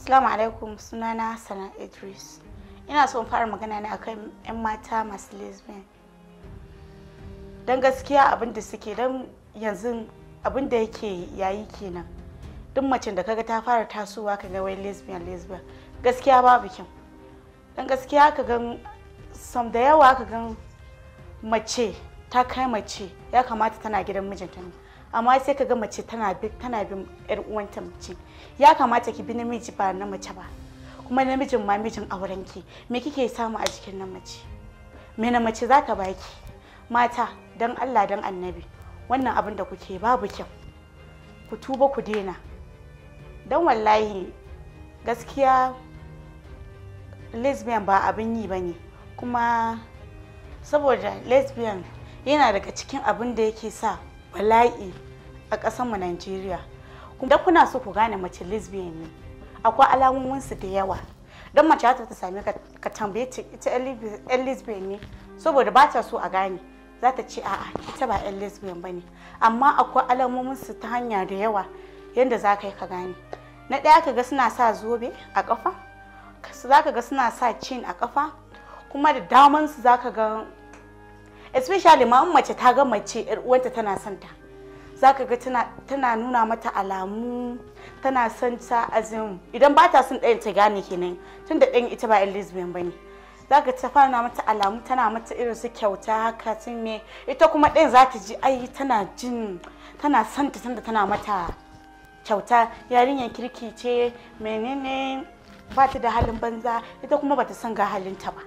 Assalamu alaikum sunana Sana Idris. Ina son fara magana ne akan 'yan mata masu lesbian. Don gaskiya abin da suke don yanzu abin da yake yayi kenan. Duk macen da kaga ta fara tasowa ka ga wai lesbian lesbian. Gaskiya babu kyau. Don gaskiya ka gan sam da yawa ka gan mace ta kai mace ya kamata tana gidan mijinta ne amma sai ka ga mace tana bi tana bin yar uwanta mace ya kamata ki bi namiji ba na mace ba kuma namijin ma mijin auren ki me kike samu a jikin na mace me na mace za ta baki mata dan Allah dan annabi wannan abin da kuke babu kyau ku tuba ku daina dan wallahi gaskiya lesbian ba abin yi bane kuma saboda lesbian yana daga cikin abin da yake sa bala'i a ƙasarmu Najeriya. Da kuna so ku gane mace lesbian ne, akwai alamominsu da yawa. Don mace ta ta sami ka tambaye ita 'yan lesbian ne, saboda ba ta so a gane. Za ta ce a'a ita ba 'yan lesbian ba ne, amma akwai alamominsu ta hanya da yawa yadda za ka yi ka gane. Na ɗaya ka ga suna sa zobe a ƙafa, za ka ga suna sa cin a ƙafa, kuma da damansu za ka ga especially ma mace ta ga mace uwanta tana son ta zaka ga tana tana nuna mata alamu tana son ta azin idan ba ta son ɗayan ta gane kenan tunda ɗayan ita ba yan lesbian bane zaka ta fara mata alamu tana mata irin su kyauta haka sun me ita kuma ɗayan za ta ji ai tana jin tana son ta tunda tana mata kyauta yarinyar kirki ce menene ba ta da halin banza ita kuma ba ta son ga ta ba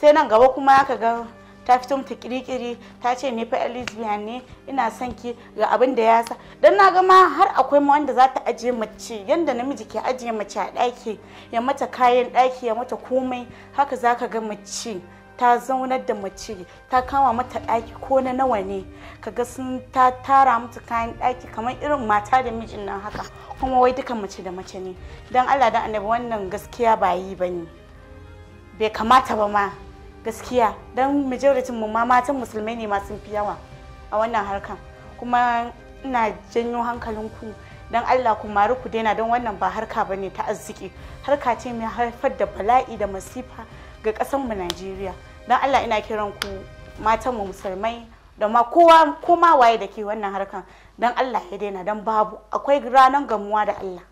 sai nan gaba kuma ka ga ta fito mata kirikiri ta ce ni fa lesbian ne ina son ki ga abin da ya sa dan na ga ma har akwai ma wanda za ta ajiye mace yanda namiji ke ajiye mace a ɗaki ya mata kayan ɗaki ya mata komai haka zaka ga mace ta zaunar da mace ta kama mata ɗaki ko na nawa ne kaga sun ta tara mata kayan ɗaki kamar irin mata da mijin nan haka kuma wai dukan mace da mace ne don allah dan annabi wannan gaskiya ba yi ba bai kamata ba ma gaskiya don majoritin mu ma matan musulmai ne masu fi yawa a wannan harkan kuma ina janyo hankalinku don allah ku mari ku daina don wannan ba harka ba ne ta arziki harka ce mai haifar da bala'i da masifa ga ƙasanmu najeriya don allah ina kiran ku matan mu musulmai da ma kowa waye da ke wannan harkan don allah ya daina don babu akwai ranar gamuwa da allah